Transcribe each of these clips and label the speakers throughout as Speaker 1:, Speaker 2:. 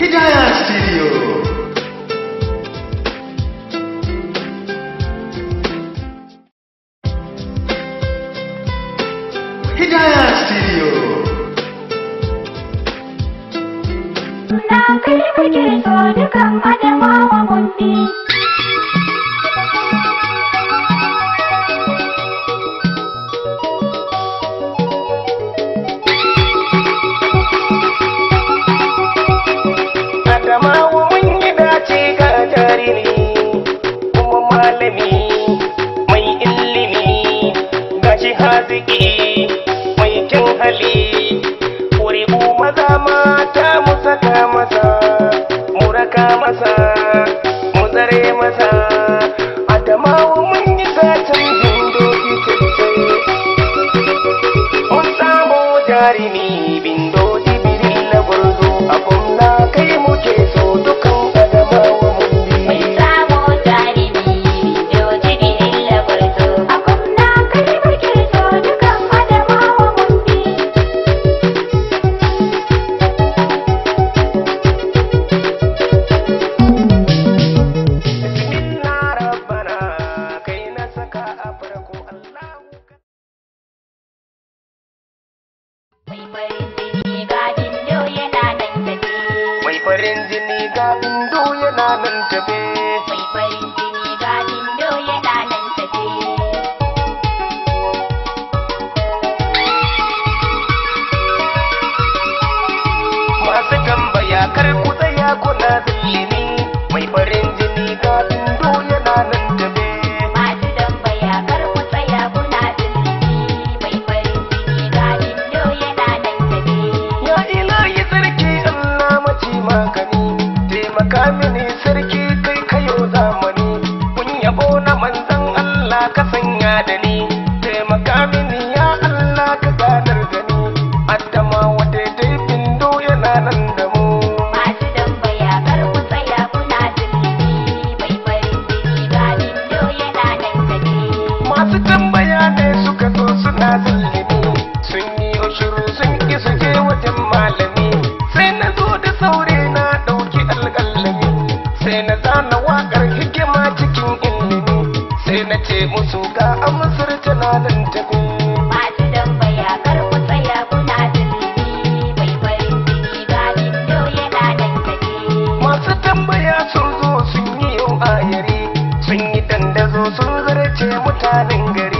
Speaker 1: 혜자야 스튜디오 혜자야 스튜디오 난 그림을 그려서 누가 만에 와와 못니 farin jini ga bindo yana nan tafe na ce musu ga amsar tana nan tafi masu tambaya kar ku tsaya kuna dulmi mai farin ciki ga dindo yana nan tafi masu tambaya sun zo sun yi yau a ayari sun yi dandazo sun zarce mutanen gari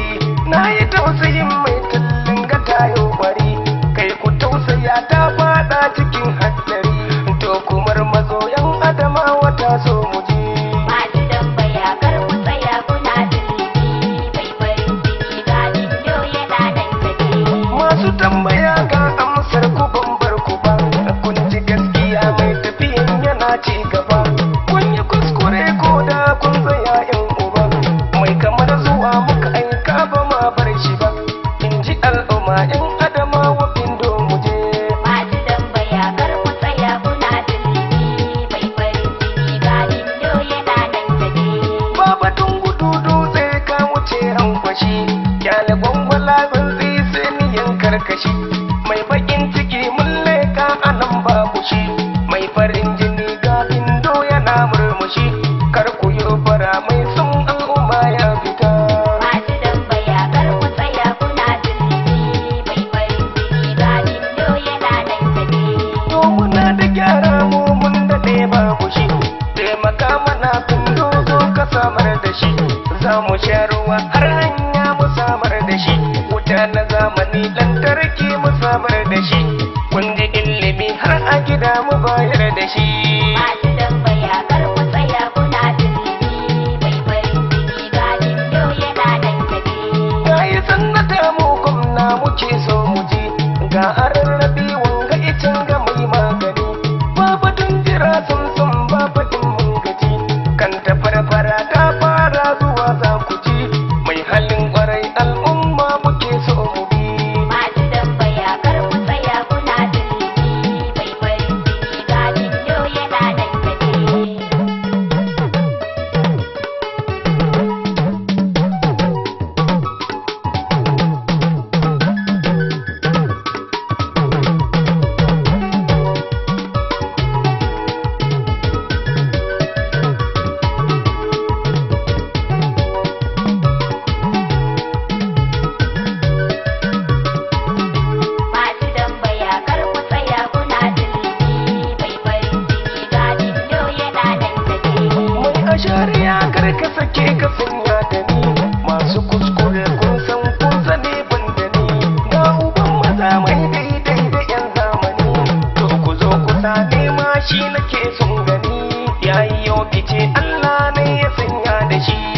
Speaker 1: Why? gyara mu mun daɗe ba ku shi taimaka mana kundo zo ka samar da shi za mu sha ruwa har hanya mu samar da shi wuta na zamani lantarki mu samar da shi kun ji ilimi har a gida mu bayar da shi shi nake son gani yayi yau ce, Allah ne ya sanya da shi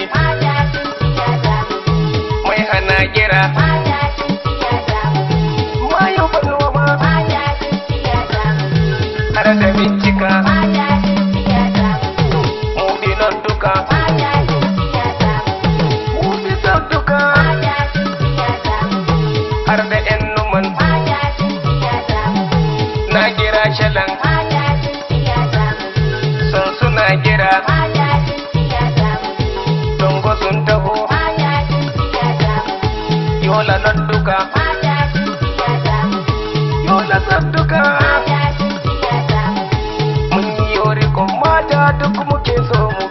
Speaker 1: sun taho yola nan duka yola nan duka mun yi yori da duk muke so mu